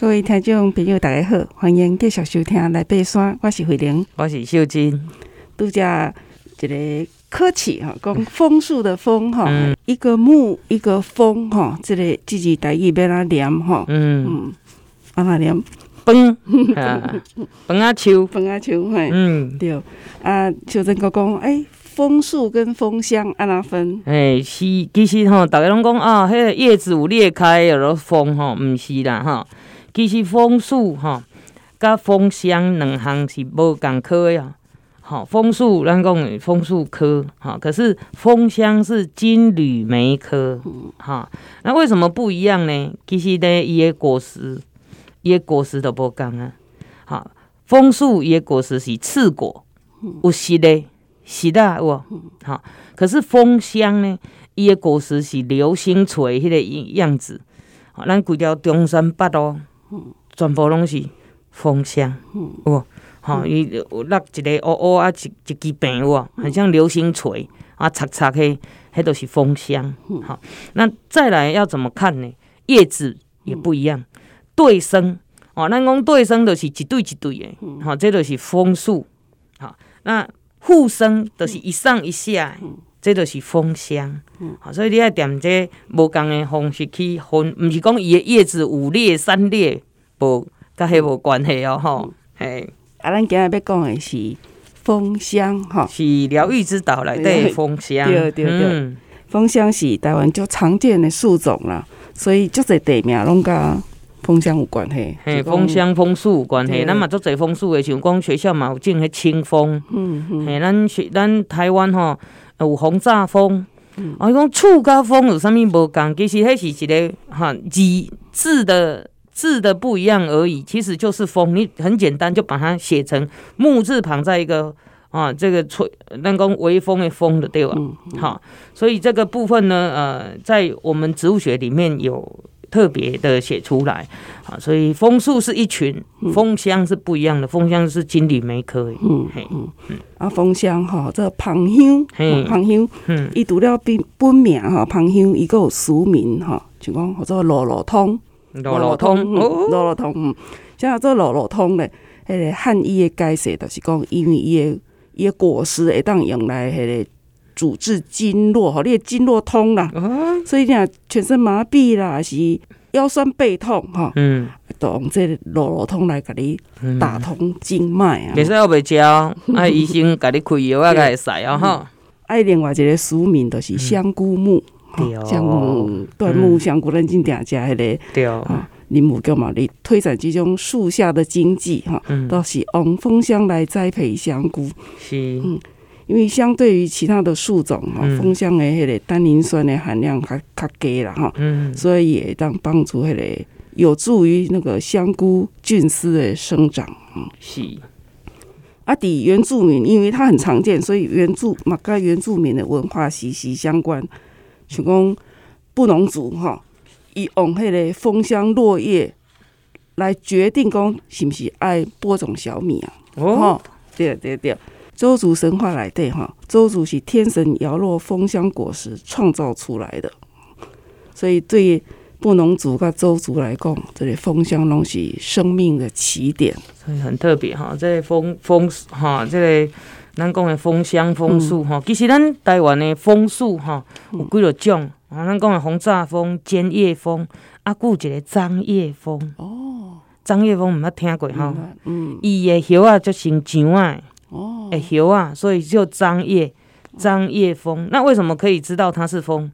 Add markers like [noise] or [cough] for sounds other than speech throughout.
各位聽眾朋友，大家好，歡迎繼續收聽《來爬山》。我是慧玲，我是秀真。都只一個科技“客氣”哈、嗯，講楓樹的“楓”哈，一個木，一個“風”哈、這個，這裡自己在一邊啊念哈，啊啊、嗯嗯，啊，那念、欸“風”啊，風啊，樹，風啊，樹，嗯，對啊，秀真閣講，誒，楓樹跟楓香安那分？哎、欸，是，其實吼大家攏講啊，迄個葉子有裂開有落風吼毋是啦吼。其實楓樹吼甲楓香兩項是無共科呀。吼楓樹咱講的楓樹科，好，可是楓香是金縷梅科，好、嗯啊，那為什麼不一樣呢？其實呢，伊的果實，伊的果實都無共啊。好，楓樹伊的果實是刺果，有實的實啦，我、啊、好。可是楓香呢，伊的果實是流星錘迄個樣樣子，啊、咱規條中山北路、哦。全部攏是楓香，哦、嗯，吼，伊、嗯、落一個烏烏啊，一一支柄哇，很像流星錘啊，擦擦迄迄都是楓香，吼、嗯，那再來要怎麼看呢？葉子也不一樣，嗯、對生吼，咱講對生著是一對一對的，吼、嗯，這都是楓樹，吼，那互生著是一上一下。嗯嗯嗯即就是楓香，嗯、所以你要踮即無共個方式去分，毋是講伊個葉子五裂三裂，無甲迄無關係哦吼。嗯、嘿，啊咱今日要講的是楓香吼，是療癒之島來的楓香，對對、嗯、對，對對對嗯、楓香是台灣就常見的樹種啦，所以就這地名攏甲楓香有關係，嘿、嗯，說楓香楓樹有關係，對咱嘛做這楓樹的，像講學校嘛有種迄清風，嗯嗯，嗯嘿，咱學咱台灣吼。有紅炸楓，嗯、啊，講觸高楓有啥咪無同？其實那是一個哈字，字的字的不一樣而已，其實就是楓。你很簡單就把它寫成木字旁在一個啊，這個吹那、啊這個、呃、微風的風的，對吧，嗯，好、嗯，所以這個部分呢，呃，在我們植物學裡面有。特別的寫出來，啊，所以楓樹是一群，楓香是不一樣的。楓香是金縷梅科，嗯嗯嗯。啊，楓香哈，這楓香，楓香，嗯，伊、嗯啊、除了本本名哈，楓香閣有俗名哈，就講叫做路路通，路路通，路路通。像這路路通嘞，誒、哦嗯，漢醫、嗯、的解釋就是講，因為伊的伊果實會當用來迄個。主治經絡吼，你的經絡通啦，所以你若全身麻痹啦，是腰酸背痛吼，嗯，都用這路路通來甲你打通經脈啊。袂使我袂食哦，愛醫生甲你開藥啊，甲會使哦。吼，愛另外一個俗名就是香菇木，香菇椴木、香菇、咱芝兩食迄個。對啊，靈木叫嘛？你推展即種樹下的經濟哈，都是用楓香來栽培香菇。是。因為相對於其他的樹種哈，楓香的迄個單寧酸的含量較較低啦哈，所以也當幫助迄個有助於那個香菇菌絲的生長哈啊。是。啊，底原住民，因為它很常見，所以原住嘛跟原住民的文化息息相關。像講布農族吼，伊用迄個楓香落葉來決定講是不是愛播種小米啊？哦，對對對。對對鄒族神話內底哈，鄒族是天神搖落楓香果實創造出來的，所以對於布農族噶鄒族來講，這些楓香攏是生命的起點，所以很特別哈。這風風哈，這咱講的楓香楓樹吼，其實咱台灣的楓樹吼有幾多種啊？咱講的紅榨楓、尖葉楓，啊，閣有一個樟葉楓哦，樟葉楓唔捌聽過吼。嗯，伊的葉啊，就像樟啊。哎，紅啊！所以就掌葉掌葉楓，那為什麼可以知道它是楓？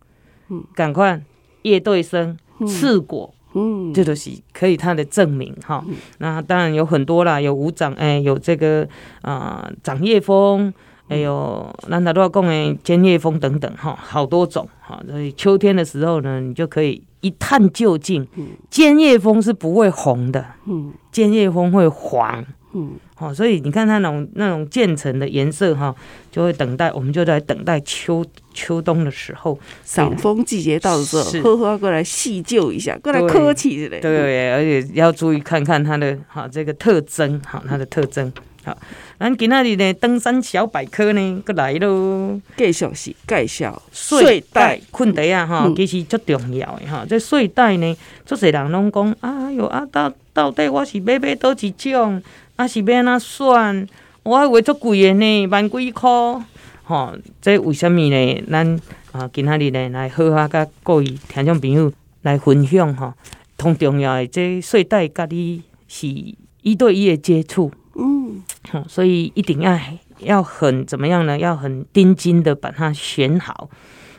嗯，趕快葉對生，刺果，嗯，嗯，這都是可以它的證明哈。嗯、那當然有很多啦，有五掌哎、欸，有這個啊、呃、掌葉楓哎、欸、有南多少貢哎尖葉楓等等哈，好多種哈。所以秋天的時候呢，你就可以一探究竟。尖、嗯、葉楓是不會紅的，嗯，尖葉楓會黃。嗯，好，所以你看它那種那種漸層的顏色哈，就會等待，我們就在等待秋秋冬的時候，賞楓、嗯、季節到的時候，呵呵是，過來細究一下，過來科氣之類。對，而且要注意看看它的哈這個特徵，哈，它的特徵。好，咱今天的登山小百科呢，過來嘍。介紹是介紹睡袋困袋啊哈，其實最重要的哈，這睡袋呢，做實人攏講、哎，啊有啊，到到底我是買買到一種？啊，是要安怎算？我以為足貴的呢，萬幾塊。吼、哦，這為蝦米呢？咱啊，今仔日呢來好好，甲各位聽眾朋友來分享吼。同、哦、重要的這睡袋，甲你是一對一的接觸。嗯、哦，所以一定要要很怎麼樣呢？要很盯緊的把它選好。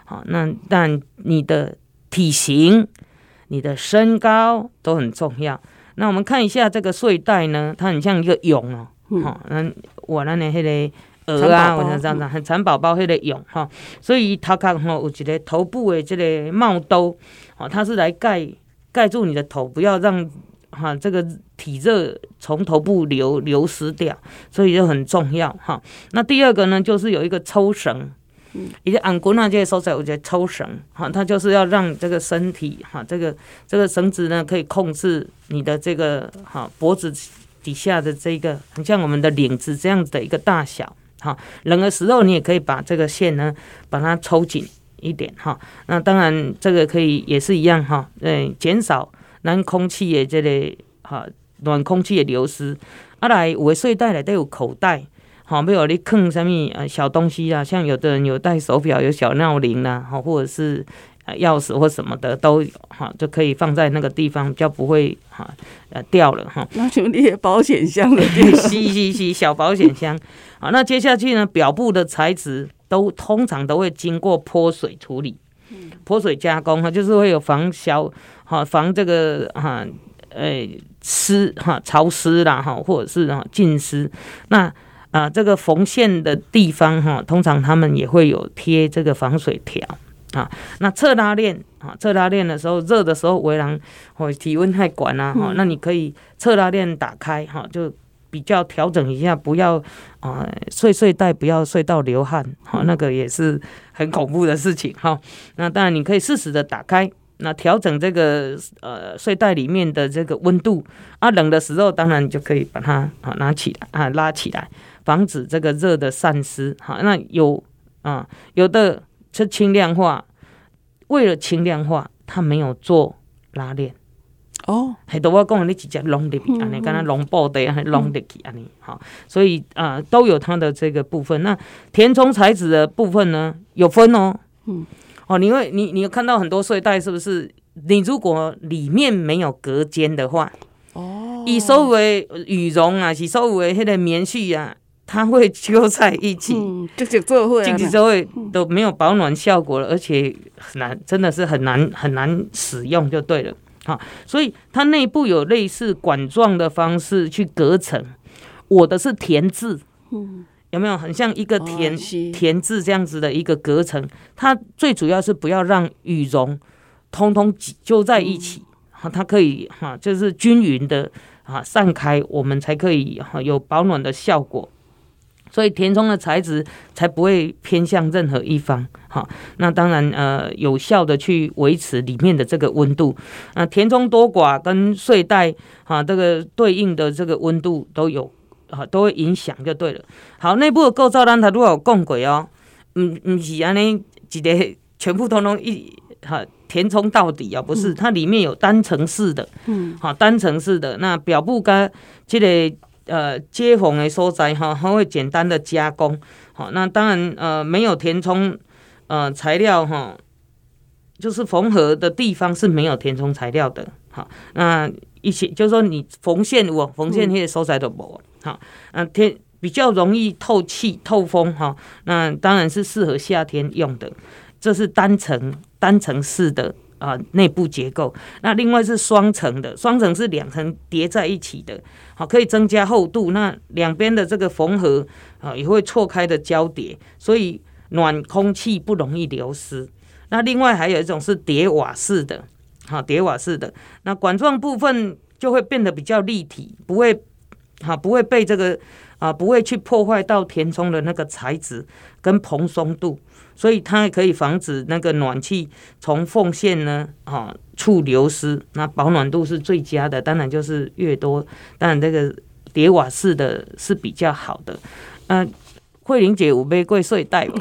好、哦，那但你的體型、你的身高都很重要。那我們看一下這個睡袋呢，它很像一個蛹哦、喔，哈、嗯，我那我那裡迄個鵝啊，寶寶我常常很蠶寶寶迄的蛹哈，所以它看哈有一個頭部的這個帽兜，哦，它是來蓋蓋住你的頭，不要讓哈這個體熱從頭部流流失掉，所以就很重要哈。那第二個呢，就是有一個抽繩。以及安古那這些手材，我覺得抽繩哈，它就是要讓這個身體哈、啊，這個這個繩子呢可以控制你的這個哈、啊、脖子底下的這個，很像我們的領子這樣子的一個大小哈、啊。冷的時候你也可以把這個線呢把它抽緊一點哈、啊。那當然這個可以也是一樣哈，嗯、啊，減少冷空氣也這裡、個、哈、啊，暖空氣也流失。二、啊、來我睡袋裡都有口袋。好，沒有你坑上面呃小東西啊，像有的人有戴手錶，有小鬧鈴啊，好，或者是呃鑰匙或什麼的都有哈、啊，就可以放在那個地方，就不會哈、啊、呃掉了哈。啊、那就是保險箱了嘻嘻嘻，小保險箱。好、 [laughs] 啊，那接下去呢，表布的材質都通常都會經過潑水處理，嗯、潑水加工哈、啊，就是會有防小，哈、啊、防這個哈呃濕哈潮濕啦哈、啊，或者是哈浸濕那。啊，這個縫線的地方哈、啊，通常他們也會有貼這個防水條啊。那側拉鏈啊，側拉鏈的時候，熱的時候圍欄或體溫太管了哈、啊啊、那你可以側拉鏈打開哈、啊，就比較調整一下，不要啊睡睡袋不要睡到流汗哈、啊，那個也是很恐怖的事情哈、啊。那當然你可以適時的打開。那調整這個呃睡袋裡面的這個溫度啊，冷的時候當然你就可以把它啊拿起來啊拉起來，防止這個熱的散失。好，那有啊有的是輕量化，為了輕量化，它沒有做拉鏈哦。還對我講，你直接弄進去安尼，跟剛、嗯嗯、弄布袋還弄進去安尼好。所以啊都有它的這個部分。那填充材質的部分呢，有分哦。嗯。哦，你會你你有看到很多睡袋是不是？你如果裡面沒有隔間的話，哦，以收為羽絨啊，以收為那個棉絮啊，它會揪在一起，嗯，就是會，就是會都沒有保暖效果了，嗯、而且很難，真的是很難很難使用，就對了，好、啊，所以它內部有類似管狀的方式去隔層，我的是田字，嗯。有沒有很像一個田田字這樣子的一個隔層？哦、它最主要是不要讓羽絨通通擠揪在一起，哈、嗯，它可以哈就是均勻的啊散開，我們才可以哈有保暖的效果。所以填充的材質才不會偏向任何一方，哈。那當然呃有效的去維持裡面的這個溫度，那、呃、填充多寡跟睡袋啊這個對應的這個溫度都有。好，都會影響就對了。好，內部的構造，讓它如果有共過哦？嗯，嗯，是安尼一個全部通通一哈填充到底啊、哦？不是，嗯、它裡面有單層式的，好、嗯、單層式的那表布跟這個呃接縫的收窄哈，它會簡單的加工。好，那當然呃沒有填充呃材料哈，就是縫合的地方是沒有填充材料的。好，那一些就是說你縫線我縫線那些收窄都無。嗯好、嗯，天比較容易透氣透風哈、哦，那當然是適合夏天用的。這是單層單層式的啊，內部結構。那另外是雙層的，雙層是兩層疊在一起的，好、啊，可以增加厚度。那兩邊的這個縫合啊，也會錯開的交疊，所以暖空氣不容易流失。那另外還有一種是疊瓦式的，哈、啊，疊瓦式的，那管狀部分就會變得比較立體，不會。哈、啊，不會被這個啊，不會去破壞到填充的那個材質跟蓬鬆度，所以它也可以防止那個暖氣從縫線呢，哈、啊、處流失。那保暖度是最佳的，當然就是越多，但這個疊瓦式的是比較好的。嗯、啊，慧玲姐，有背過睡袋嗎？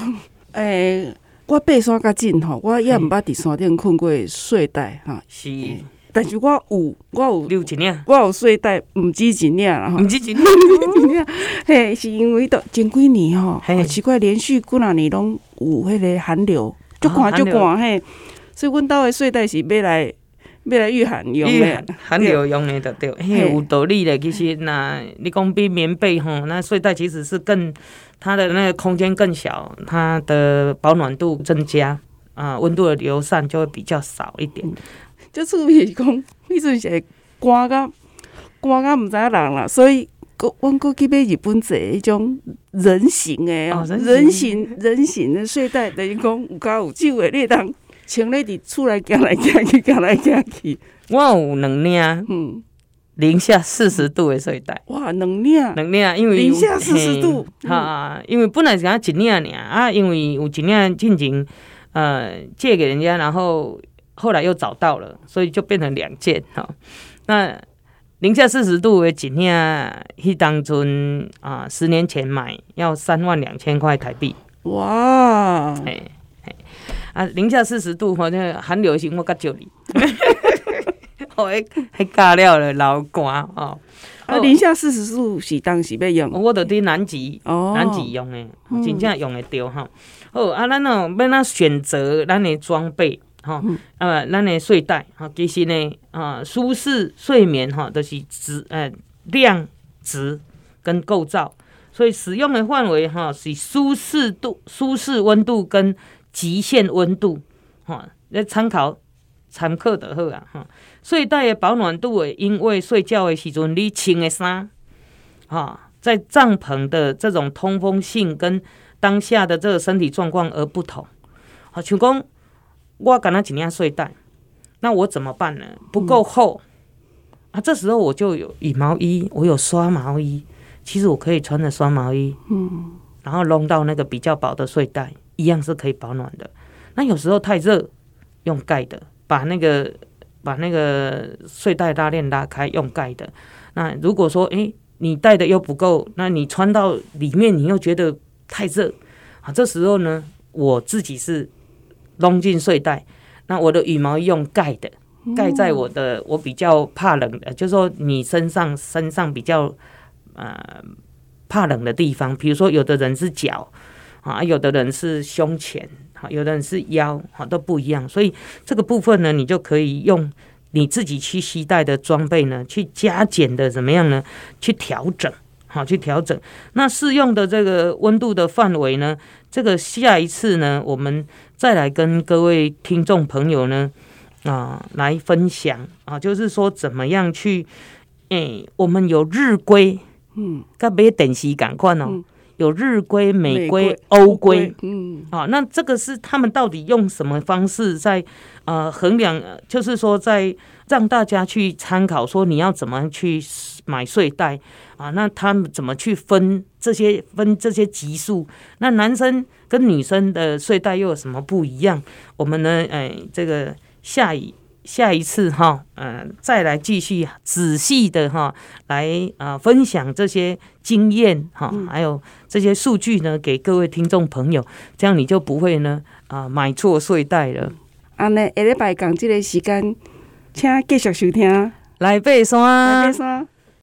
誒、欸，我背山較近哈，我也唔捌在山頂困過睡袋哈。啊、是。欸但是我有，我有六件，留一我有睡袋，毋止一領啦，毋止一領，嘿， [laughs] [laughs] 是因為到前幾年吼，嘿，奇怪，連續幾那年攏有迄個寒流，足寒足寒嘿，所以阮兜的睡袋是買來買來御寒用的，寒，對寒流用的對對，嘿，有道理的。其實那你講比棉被吼，那睡袋其實是更它的那個空間更小，它的保暖度增加，啊、呃，溫度的流散就會比較少一點。嗯就厝邊是講，以前是會刮噶，刮噶唔知人了啦，所以，我我過去買日本仔一種人形誒、哦，人形人形的睡袋等於講有高有酒的，你當請你佇厝內行來行去，行來行去，我有兩領，嗯，零下四十度的睡袋，嗯、哇兩領，兩領，因為零下四十度，哈是、嗯啊，因為本來是講一領爾啊，因為有一領進前，呃，借給人家，然後。後來又找到了，所以就變成兩件哈、喔。那零下四十度的今天去當中啊，十年前買要三萬兩千塊台幣哇、欸欸！啊，零下四十度好像很流行，我教你，我 [laughs] [laughs] 還還加料了，老干、喔、啊！啊好，零下四十度是當時要用的，我到去南極，南極用的真正用的着哈。哦啊，咱哦要選擇咱的裝備？吼，嗯、呃，咱的睡袋吼，其實呢，啊，舒適睡眠吼，都、啊就是值呃、欸、量值跟構造，所以使用的範圍吼，是舒適度、舒適溫度跟極限溫度吼，來、啊、參考參考就好啊。吼，睡袋的保暖度誒，因為睡覺的時陣你穿的衫，吼、啊，在帳篷的這種通風性跟當下的這個身體狀況而不同。好、啊，像講。我感到幾量睡袋，那我怎麼辦呢？不夠厚、嗯、啊！這時候我就有羽毛衣，我有刷毛衣。其實我可以穿着刷毛衣，嗯，然後弄到那個比較薄的睡袋，一樣是可以保暖的。那有時候太熱，用蓋的，把那個把那個睡袋拉鏈拉開，用蓋的。那如果說誒，你帶的又不夠，那你穿到裡面，你又覺得太熱啊？這時候呢，我自己是。弄進睡袋，那我的羽毛用蓋的，蓋在我的我比較怕冷的，嗯、就是說你身上身上比較呃怕冷的地方，比如說有的人是腳啊，有的人是胸前、啊、有的人是腰、啊、都不一樣。所以這個部分呢，你就可以用你自己去攜帶的裝備呢，去加減的怎麼樣呢？去調整好、啊，去調整。那適用的這個溫度的範圍呢？這個下一次呢，我們再來跟各位聽眾朋友呢，啊，來分享啊，就是說怎麼樣去，誒、哎、我們有日歸，嗯，干別等時趕快哦。有日規、美規、歐規歸歸、啊，那這個是他們到底用什麼方式在呃衡量？就是說，在讓大家去參考，說你要怎麼去買睡袋啊？那他們怎麼去分這些分這些級數？那男生跟女生的睡袋又有什麼不一樣？我們呢？哎，這個下雨。下一次哈、哦，嗯、呃，再來繼續仔細的哈、哦，來啊、呃、分享這些經驗哈，哦嗯、還有這些數據呢，給各位聽眾朋友，這樣你就不會呢啊、呃、買錯睡袋了。按呢，下禮拜講這個時間，請繼續收聽。來爬山，來爬山。